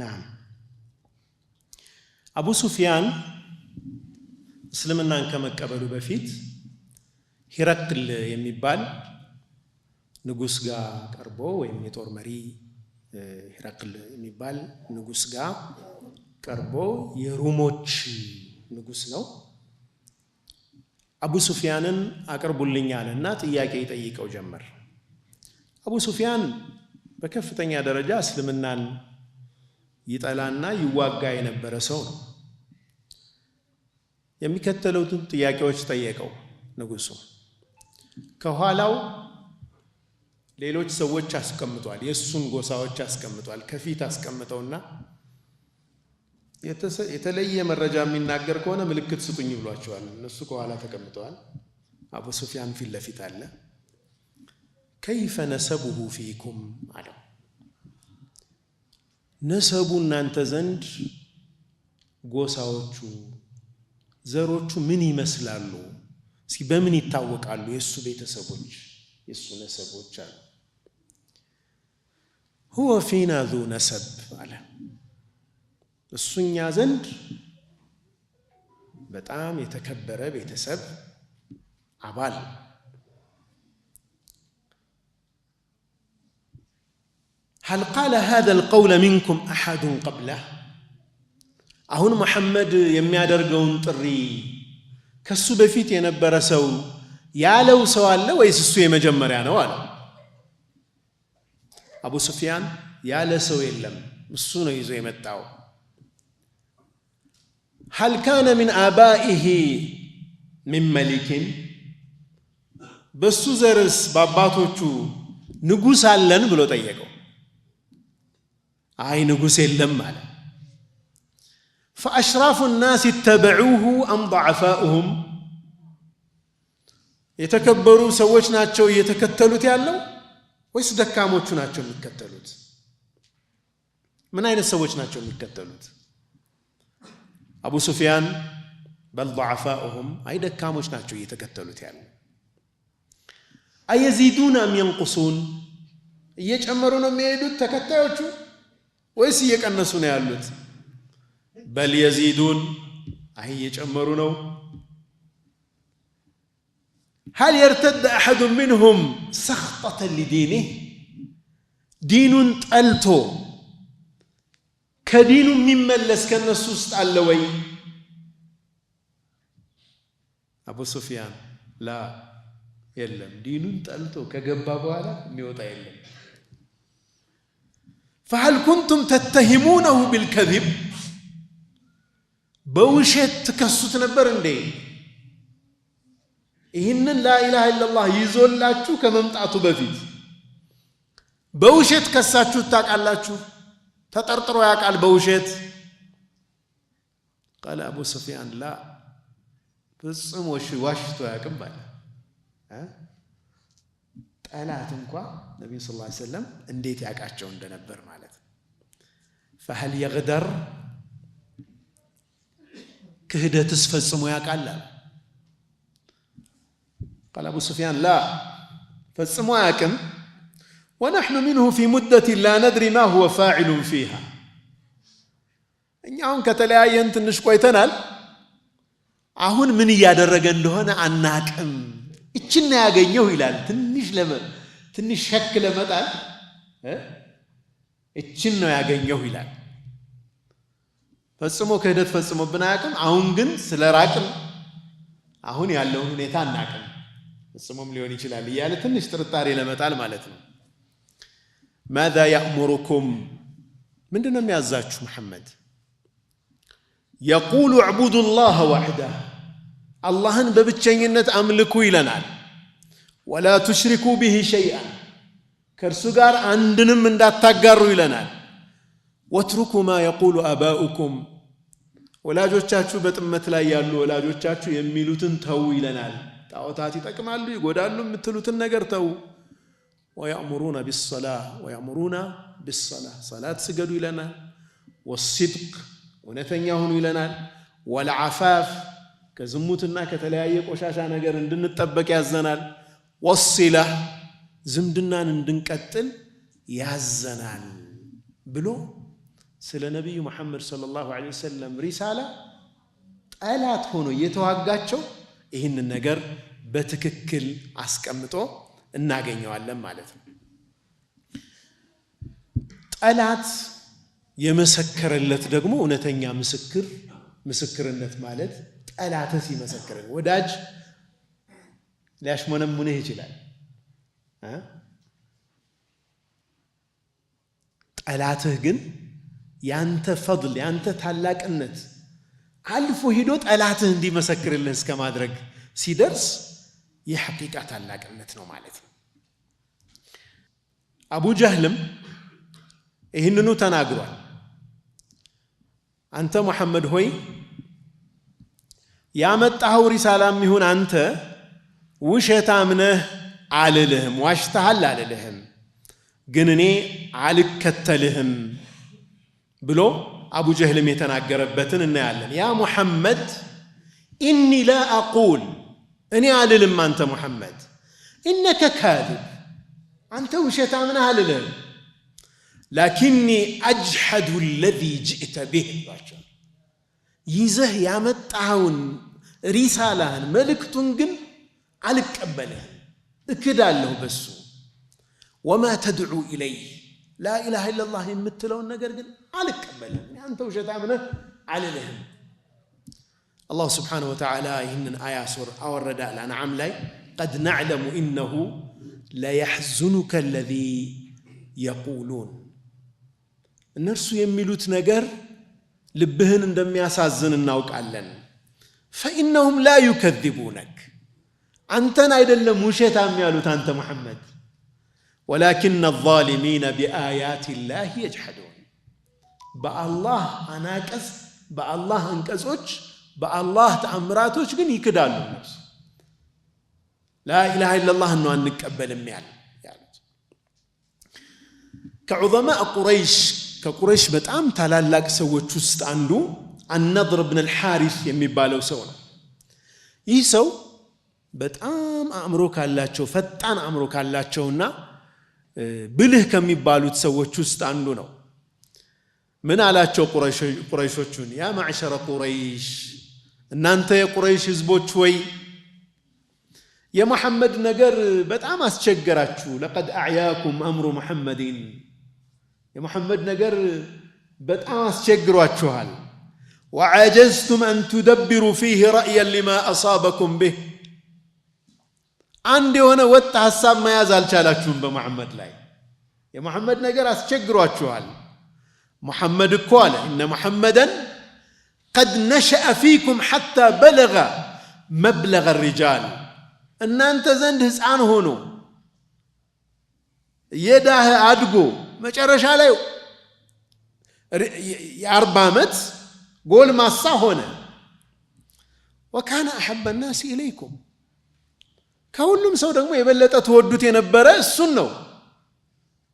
ናም አቡ ሱፊያን እስልምናን ከመቀበሉ በፊት ሂረክል የሚባል ንጉስ ጋ ቀርቦ ወይም የጦር መሪ ሂረቅል የሚባል ንጉስ ጋ ቀርቦ የሩሞች ንጉስ ነው። አቡ ሱፊያንን አቅርቡልኝ አለና ጥያቄ ይጠይቀው ጀመር። አቡ ሱፊያን በከፍተኛ ደረጃ እስልምናን ይጠላና ይዋጋ የነበረ ሰው ነው። የሚከተሉትን ጥያቄዎች ጠየቀው ንጉሱ ከኋላው ሌሎች ሰዎች አስቀምጧል፣ የእሱን ጎሳዎች አስቀምጧል። ከፊት አስቀምጠውና የተለየ መረጃ የሚናገር ከሆነ ምልክት ስጡኝ ብሏቸዋል። እነሱ ከኋላ ተቀምጠዋል። አቡ ሱፊያን ፊት ለፊት አለ። ከይፈ ነሰቡሁ ፊኩም አለው ነሰቡ እናንተ ዘንድ ጎሳዎቹ ዘሮቹ ምን ይመስላሉ? እስኪ በምን ይታወቃሉ? የእሱ ቤተሰቦች የእሱ ነሰቦች አሉ። ሁወ ፊና ዙ ነሰብ አለ። እሱኛ ዘንድ በጣም የተከበረ ቤተሰብ አባል ሀል ቃለ ሃዘል ቀውለ ሚንኩም አሐዱን ቀብለህ አሁን መሐመድ የሚያደርገውን ጥሪ ከሱ በፊት የነበረ ሰው ያለው ሰው አለ ወይስ እሱ የመጀመሪያ ነው አለ አቡ ሱፊያን ያለ ሰው የለም እሱ ነው ይዞ የመጣው ሀል ካነ ሚን አባኢሂ ሚን መሊኪን በሱ ዘርስ በአባቶቹ ንጉሥ አለን ብሎ ጠየቀው አይ ንጉሥ የለም አለ። ፈአሽራፉ ናስ ይተበዑሁ አም ضዓፋኡሁም የተከበሩ ሰዎች ናቸው እየተከተሉት ያለው ወይስ ደካሞቹ ናቸው የሚከተሉት? ምን አይነት ሰዎች ናቸው የሚከተሉት? አቡ ሱፊያን በል ضዓፋኡሁም አይ ደካሞች ናቸው እየተከተሉት ያለው። አየዚዱን አም የንቁሱን እየጨመሩ ነው የሚሄዱት ተከታዮቹ ወይስ እየቀነሱ ነው ያሉት? በል የዚዱን አይ እየጨመሩ ነው። ሀል የርተደ አሐዱ ምንሁም ሰኽጠተ ሊዲኒህ ዲኑን ጠልቶ ከዲኑ የሚመለስ ከእነሱ ውስጥ አለ ወይ? አቡ ሱፊያን ላ የለም። ዲኑን ጠልቶ ከገባ በኋላ የሚወጣ የለም። ፈሃል ኩንቱም ተተሂሙነሁ ቢልከዚብ በውሸት ትከሱት ነበር እንዴ? ይህንን ላኢላሃ ኢለላህ ይዞላችሁ ከመምጣቱ በፊት በውሸት ከሳችሁት ታውቃላችሁ? ተጠርጥሮ ያውቃል በውሸት? ቃለ አቡ ስፊያን ላ ፍጹም ዋሽቶ አያውቅም ባለ ጠላት እንኳ ነቢዩ ስ ሰለም እንዴት ያውቃቸው እንደነበር ማለት ፈሀል የግደር ክህደትስ ፈጽሞ ያውቃል አሉ። ቃል አቡ ሱፊያን ላ ፈጽሞ አያውቅም። ወነሕኑ ሚንሁ ፊ ሙደት ላ ነድሪ ማ ሁወ ፋዒሉን ፊሃ እኛ አሁን ከተለያየን ትንሽ ቆይተናል። አሁን ምን እያደረገ እንደሆነ አናቅም። እችና ያገኘው ይላል ትንሽ ሸክ ለመጣል እችን ነው ያገኘሁ ይላል። ፈጽሞ ክህደት ፈጽሞብን አያውቅም። አሁን ግን ስለ ራቅም አሁን ያለውን ሁኔታ አናቅም፣ ፈጽሞም ሊሆን ይችላል እያለ ትንሽ ጥርጣሬ ለመጣል ማለት ነው። ማዛ ያእሙሩኩም ምንድን ነው የሚያዛችሁ? መሐመድ የቁሉ ዕቡዱ ላህ ዋሕዳ አላህን በብቸኝነት አምልኩ ይለናል። ወላ ቱሽሪኩ ብህ ሸይአን ከእርሱ ጋር አንድንም እንዳታጋሩ ይለናል። ወትሩኩ ማ የቁሉ አባኡኩም ወላጆቻችሁ በጥመት ላይ ያሉ ወላጆቻችሁ የሚሉትን ተዉ ይለናል። ጣዖታት ይጠቅማሉ፣ ይጎዳሉ የምትሉትን ነገር ተዉ። ወያእሙሩና ቢሰላ ወያእሙሩና ቢሰላ ሰላት ስገዱ ይለናል። ወሲድቅ እውነተኛ ሁኑ ይለናል። ወልዓፋፍ ከዝሙትና ከተለያየ ቆሻሻ ነገር እንድንጠበቅ ያዘናል። ወሲላህ ዝምድናን እንድንቀጥል ያዘናል ብሎ ስለ ነቢዩ መሐመድ ሰለላሁ ዐለይሂ ወሰለም ሪሳላ ጠላት ሆኖ የተዋጋቸው ይህንን ነገር በትክክል አስቀምጦ እናገኘዋለን ማለት ነው። ጠላት የመሰከረለት ደግሞ እውነተኛ ምስክር ምስክርነት ማለት ጠላትህ ሲመሰክር፣ ወዳጅ ሊያሽሞነሙንህ ይችላል ጠላትህ ግን ያንተ ፈድል ያንተ ታላቅነት አልፎ ሂዶ ጠላትህ እንዲመሰክርልህ እስከ ማድረግ ሲደርስ የሐቂቃ ታላቅነት ነው ማለት ነው። አቡ ጀህልም ይህንኑ ተናግሯል። አንተ ሙሐመድ ሆይ ያመጣኸው ሪሳላም ይሁን አንተ ውሸታም ነህ አልልህም፣ ዋሽተሃል አልልህም፣ ግን እኔ አልከተልህም ብሎ አቡ ጀህልም የተናገረበትን እናያለን። ያ ሙሐመድ ኢኒ ላ አቁል እኔ አልልም፣ አንተ ሙሐመድ ኢነከ ካዝብ አንተ ውሸታም ነህ አልልህም፣ ላኪኒ አጅሐዱ ለዚ ጅእተ ቢህ ቸው ይዘህ ያመጣኸውን ሪሳላህን መልእክቱን ግን አልቀበልህም እክዳለሁ በሱ ወማ ተድዑ ኢለይህ ላኢላሃ ኢለላህ የምትለውን ነገር ግን አልቀበልም። አንተ ውሸታም ነህ አልልህም። አላሁ ስብሓነሁ ወተዓላ ይህንን አያ አወረደ አልአንዓም ላይ ቀድ ነዕለሙ ኢነሁ ለየሕዙኑከ አለዚ የቁሉን እነርሱ የሚሉት ነገር ልብህን እንደሚያሳዝን እናውቃለን። ፈኢነሁም ላ ዩከዚቡነክ አንተን አይደለም ውሸታም ያሉት አንተ ሙሐመድ ወላኪነ ዛሊሚነ ቢአያት ላህ የጅሐዱን በአላህ አናቀስ በአላህ አንቀጾች በአላህ ተአምራቶች ግን ይክዳሉ እነሱ ላኢላሃ ኢለላህ ነው አንቀበልም ያሉት ከዑዘማ ቁረይሽ ከቁረይሽ በጣም ታላላቅ ሰዎች ውስጥ አንዱ አናድር ብን ልሓሪስ የሚባለው ሰው ነው ይህ ሰው በጣም አእምሮ ካላቸው ፈጣን አእምሮ ካላቸውና ብልህ ከሚባሉት ሰዎች ውስጥ አንዱ ነው። ምን አላቸው ቁረይሾቹን፣ ያ ማዕሸረ ቁረይሽ፣ እናንተ የቁረይሽ ህዝቦች ወይ የመሐመድ ነገር በጣም አስቸገራችሁ። ለቀድ አዕያኩም አምሩ መሐመድን፣ የመሐመድ ነገር በጣም አስቸግሯችኋል። ወዓጀዝቱም አን ቱደብሩ ፊህ ረእየን ሊማ አሳበኩም ብህ አንድ የሆነ ወጥ ሐሳብ መያዝ አልቻላችሁም በመሐመድ ላይ የመሐመድ ነገር አስቸግሯችኋል መሐመድ እኮ አለ እነ መሐመደን ቀድ ነሸአ ፊኩም ሐታ በለገ መብለገ ሪጃል እናንተ ዘንድ ሕፃን ሆኖ የዳህ አድጎ መጨረሻ ላይ የአርባ ዓመት ጎልማሳ ሆነ ወካነ አሐበ ናሲ ኢለይኩም ከሁሉም ሰው ደግሞ የበለጠ ትወዱት የነበረ እሱን ነው።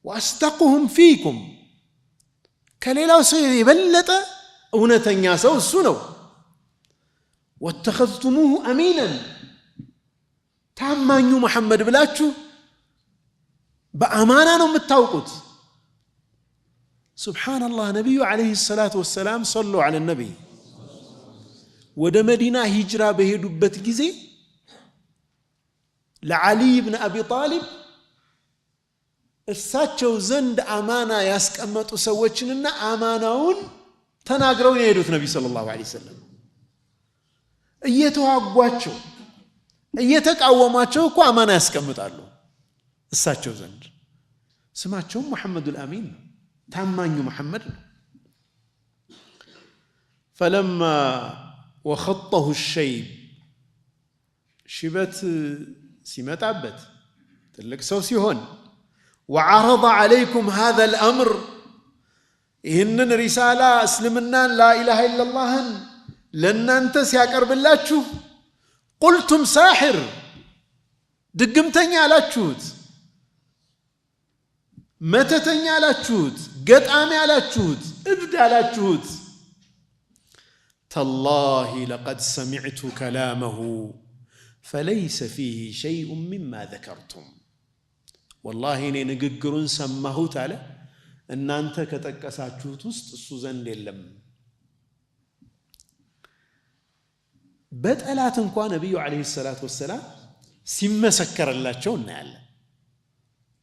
ወአስደቁሁም ፊኩም ከሌላው ሰው የበለጠ እውነተኛ ሰው እሱ ነው። ወተኸዝቱሙሁ አሚናን ታማኙ መሐመድ ብላችሁ በአማና ነው የምታውቁት። ሱብሓነላህ ነቢዩ ዓለይሂ ሰላቱ ወሰላም ሰሉ ዓለ ነቢይ ወደ መዲና ሂጅራ በሄዱበት ጊዜ ለዓሊይ ብን አቢ ጣሊብ እሳቸው ዘንድ አማና ያስቀመጡ ሰዎችንና አማናውን ተናግረው የሄዱት። ነቢይ ሰለላሁ ዐለይሂ ወሰለም እየተዋጓቸው እየተቃወሟቸው እኮ አማና ያስቀምጣሉ እሳቸው ዘንድ። ስማቸውም መሐመዱል አሚን ነው፣ ታማኙ መሐመድ ነው። ፈለማ ወኸጠሁ ሸይብ ሽበት ሲመጣበት ትልቅ ሰው ሲሆን ወዓረض ዓለይኩም ሃዛ ልአምር ይህንን ሪሳላ እስልምናን ላኢላሃ ኢለላህን ለእናንተ ሲያቀርብላችሁ ቁልቱም ሳሕር ድግምተኛ አላችሁት፣ መተተኛ አላችሁት፣ ገጣሚ አላችሁት፣ እብድ አላችሁት። ተላሂ ለቀድ ሰሚዕቱ ከላመሁ ፈለይሰ ፊህ ሸይኡ ሚማ ዘከርቱም ወላሂ እኔ ንግግሩን ሰማሁት አለ እናንተ ከጠቀሳችሁት ውስጥ እሱ ዘንድ የለም። በጠላት እንኳ ነቢዩ ዓለይሂ ሰላት ወሰላም ሲመሰከርላቸው እናያለን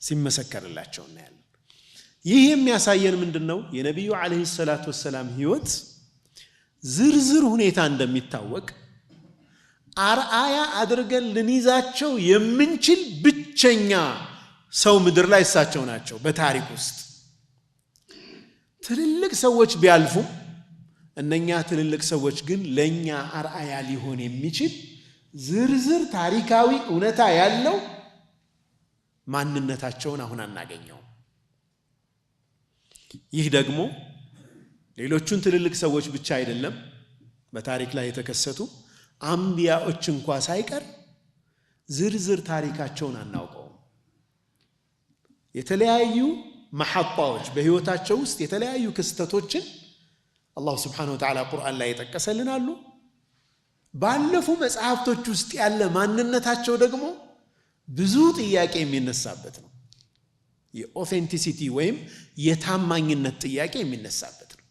ሲመሰከርላቸው እናያለን። ይህ የሚያሳየን ምንድን ነው? የነቢዩ ዓለይሂ ሰላቱ ወሰላም ህይወት ዝርዝር ሁኔታ እንደሚታወቅ አርአያ አድርገን ልንይዛቸው የምንችል ብቸኛ ሰው ምድር ላይ እሳቸው ናቸው። በታሪክ ውስጥ ትልልቅ ሰዎች ቢያልፉ እነኛ ትልልቅ ሰዎች ግን ለእኛ አርአያ ሊሆን የሚችል ዝርዝር ታሪካዊ እውነታ ያለው ማንነታቸውን አሁን አናገኘውም። ይህ ደግሞ ሌሎቹን ትልልቅ ሰዎች ብቻ አይደለም፣ በታሪክ ላይ የተከሰቱ አምቢያዎች እንኳ ሳይቀር ዝርዝር ታሪካቸውን አናውቀውም። የተለያዩ መሐጣዎች በህይወታቸው ውስጥ የተለያዩ ክስተቶችን አላሁ ስብሓነሁ ወተዓላ ቁርአን ላይ የጠቀሰልን አሉ። ባለፉ መጽሐፍቶች ውስጥ ያለ ማንነታቸው ደግሞ ብዙ ጥያቄ የሚነሳበት ነው። የኦቴንቲሲቲ ወይም የታማኝነት ጥያቄ የሚነሳበት ነው።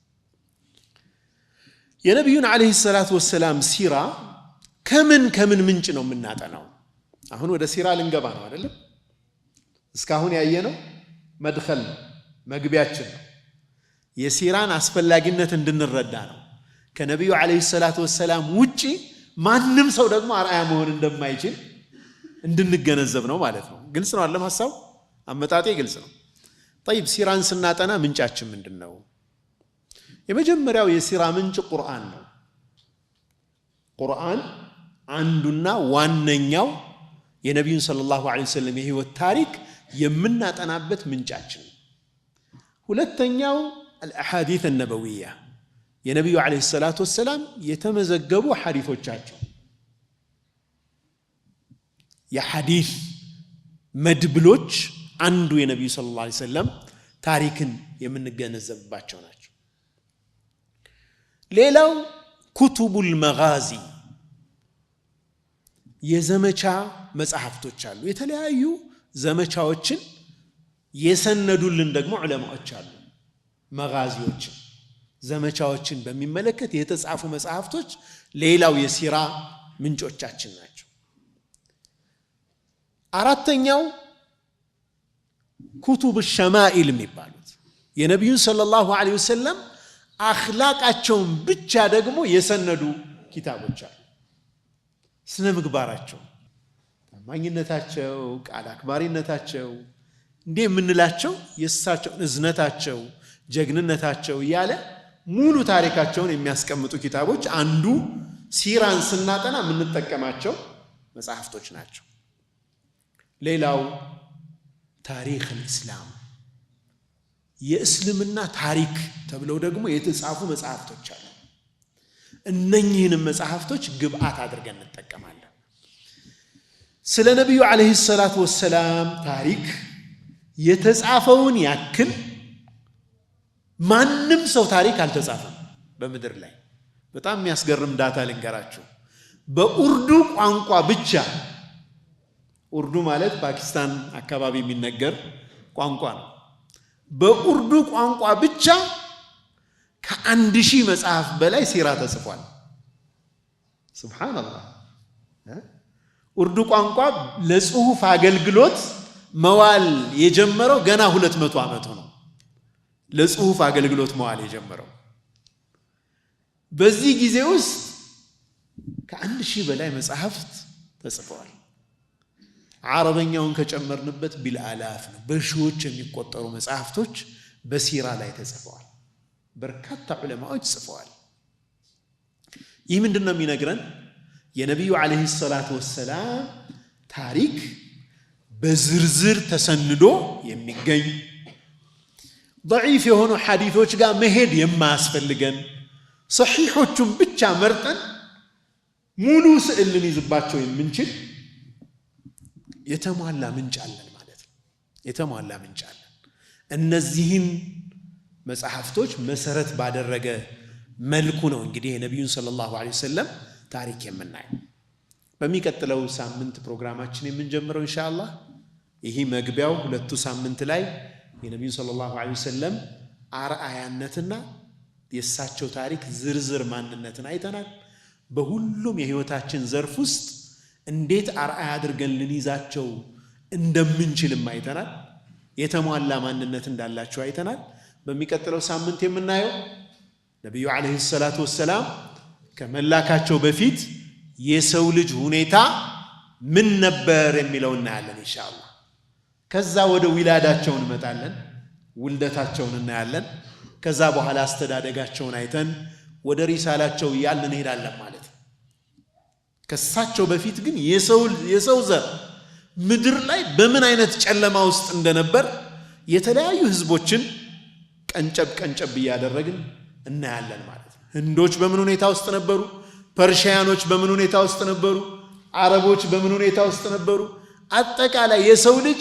የነቢዩን ዓለይሂ ሰላቱ ወሰላም ሲራ ከምን ከምን ምንጭ ነው የምናጠናው? አሁን ወደ ሲራ ልንገባ ነው አይደለም? እስካሁን ያየነው መድኸል ነው፣ መግቢያችን ነው። የሲራን አስፈላጊነት እንድንረዳ ነው። ከነቢዩ ዓለይሂ ሰላቱ ወሰላም ውጪ ማንም ሰው ደግሞ አርአያ መሆን እንደማይችል እንድንገነዘብ ነው ማለት ነው። ግልጽ ነው አለም ሀሳቡ አመጣጤ ግልጽ ነው። ጠይብ ሲራን ስናጠና ምንጫችን ምንድን ነው? የመጀመሪያው የሲራ ምንጭ ቁርአን ነው። ቁርአን አንዱና ዋነኛው የነቢዩን ሰለላሁ ዐለይሂ ወሰለም የህይወት ታሪክ የምናጠናበት ምንጫችን። ሁለተኛው አልአሓዲት አነበዊያ የነቢዩ ዐለይሂ ሰላቱ ወሰላም የተመዘገቡ ሐዲቶቻቸው የሐዲት መድብሎች አንዱ የነቢዩ ሰለላሁ ዐለይሂ ወሰለም ታሪክን የምንገነዘብባቸው ናቸው። ሌላው ኩቱቡል መጋዚ የዘመቻ መጽሐፍቶች አሉ። የተለያዩ ዘመቻዎችን የሰነዱልን ደግሞ ዑለማዎች አሉ። መጋዚዎችን፣ ዘመቻዎችን በሚመለከት የተጻፉ መጽሐፍቶች ሌላው የሲራ ምንጮቻችን ናቸው። አራተኛው ኩቱብ ሸማኢል የሚባሉት የነቢዩን ሰለላሁ ዐለይሂ ወሰለም አኽላቃቸውን ብቻ ደግሞ የሰነዱ ኪታቦች አሉ። ስነ ምግባራቸው፣ ታማኝነታቸው፣ ቃል አክባሪነታቸው እንዲህ የምንላቸው የእሳቸውን እዝነታቸው፣ ጀግንነታቸው እያለ ሙሉ ታሪካቸውን የሚያስቀምጡ ኪታቦች አንዱ ሲራን ስናጠና የምንጠቀማቸው መጽሐፍቶች ናቸው። ሌላው ታሪክ ልእስላም የእስልምና ታሪክ ተብለው ደግሞ የተጻፉ መጽሐፍቶች አሉ። እነኚህንም መጽሐፍቶች ግብአት አድርገን እንጠቀማለን። ስለ ነቢዩ ዓለይሂ ሰላት ወሰላም ታሪክ የተጻፈውን ያክል ማንም ሰው ታሪክ አልተጻፈም በምድር ላይ። በጣም የሚያስገርም ዳታ ልንገራችሁ። በኡርዱ ቋንቋ ብቻ ኡርዱ ማለት ፓኪስታን አካባቢ የሚነገር ቋንቋ ነው። በኡርዱ ቋንቋ ብቻ ከአንድ ሺህ መጽሐፍ በላይ ሲራ ተጽፏል። ሱብሓነላህ ኡርዱ ቋንቋ ለጽሁፍ አገልግሎት መዋል የጀመረው ገና ሁለት መቶ ዓመቱ ነው። ለጽሁፍ አገልግሎት መዋል የጀመረው በዚህ ጊዜ ውስጥ ከአንድ ሺህ በላይ መጽሐፍት ተጽፈዋል። አረበኛውን ከጨመርንበት ቢልአላፍ ነው። በሺዎች የሚቆጠሩ መጽሐፍቶች በሲራ ላይ ተጽፈዋል። በርካታ ዑለማዎች ጽፈዋል። ይህ ምንድን ነው የሚነግረን? የነቢዩ ዓለይሂ ሰላቱ ወሰላም ታሪክ በዝርዝር ተሰንዶ የሚገኝ ደዒፍ የሆኑ ሐዲቶች ጋር መሄድ የማያስፈልገን ሰሒሖቹን ብቻ መርጠን ሙሉ ስዕል ልንይዝባቸው የምንችል የተሟላ ምንጭ አለን ማለት ነው። የተሟላ ምንጭ አለን። እነዚህን መጽሐፍቶች መሰረት ባደረገ መልኩ ነው እንግዲህ የነቢዩን ሰለላሁ ዐለይሂ ወሰለም ታሪክ የምናየው። በሚቀጥለው ሳምንት ፕሮግራማችን የምንጀምረው ኢንሻአላህ ይህ መግቢያው ሁለቱ ሳምንት ላይ የነቢዩን ሰለላሁ ዐለይሂ ወሰለም አርአያነትና የእሳቸው ታሪክ ዝርዝር ማንነትን አይተናል። በሁሉም የህይወታችን ዘርፍ ውስጥ እንዴት አርአያ አድርገን ልንይዛቸው እንደምንችልም አይተናል። የተሟላ ማንነት እንዳላቸው አይተናል። በሚቀጥለው ሳምንት የምናየው ነቢዩ ዓለይሂ ሰላቱ ወሰላም ከመላካቸው በፊት የሰው ልጅ ሁኔታ ምን ነበር የሚለው እናያለን ኢንሻአላህ። ከዛ ወደ ዊላዳቸው እንመጣለን፣ ውልደታቸውን እናያለን። ከዛ በኋላ አስተዳደጋቸውን አይተን ወደ ሪሳላቸው እያልን እንሄዳለን ማለት ነው። ከሳቸው በፊት ግን የሰው ዘር ምድር ላይ በምን አይነት ጨለማ ውስጥ እንደነበር የተለያዩ ህዝቦችን ቀንጨብ ቀንጨብ እያደረግን እናያለን ማለት ነው። ህንዶች በምን ሁኔታ ውስጥ ነበሩ? ፐርሺያኖች በምን ሁኔታ ውስጥ ነበሩ? አረቦች በምን ሁኔታ ውስጥ ነበሩ? አጠቃላይ የሰው ልጅ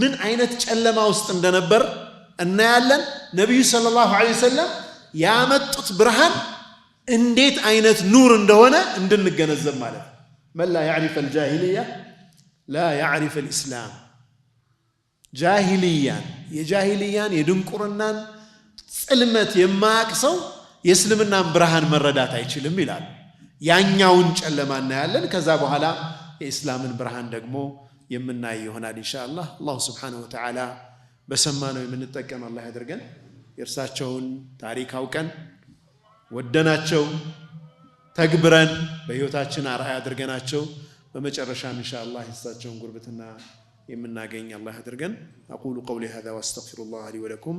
ምን አይነት ጨለማ ውስጥ እንደነበር እናያለን። ነቢዩ ሰለላሁ ዐለይሂ ወሰለም ያመጡት ብርሃን እንዴት አይነት ኑር እንደሆነ እንድንገነዘብ ማለት ነው። መን ላ ያዕሪፍ አልጃሂልያ ላ ያዕሪፍ አልኢስላም ጃሂልያን የጃሂልያን የድንቁርናን ጽልመት የማያቅ ሰው የእስልምናን ብርሃን መረዳት አይችልም ይላል። ያኛውን ጨለማ እናያለን። ከዛ በኋላ የእስላምን ብርሃን ደግሞ የምናይ ይሆናል ኢንሻአላህ። አላሁ ስብሓነሁ ወተዓላ በሰማነው የምንጠቀም አላህ ያደርገን። የእርሳቸውን ታሪክ አውቀን ወደናቸው ተግብረን በሕይወታችን አርአያ አድርገናቸው በመጨረሻም ኢንሻአላህ የእርሳቸውን ጉርብትና የምናገኝ አላህ አድርገን አቁሉ ቀውሊ ሃዛ ወአስተግፊሩላህ ሊ ወለኩም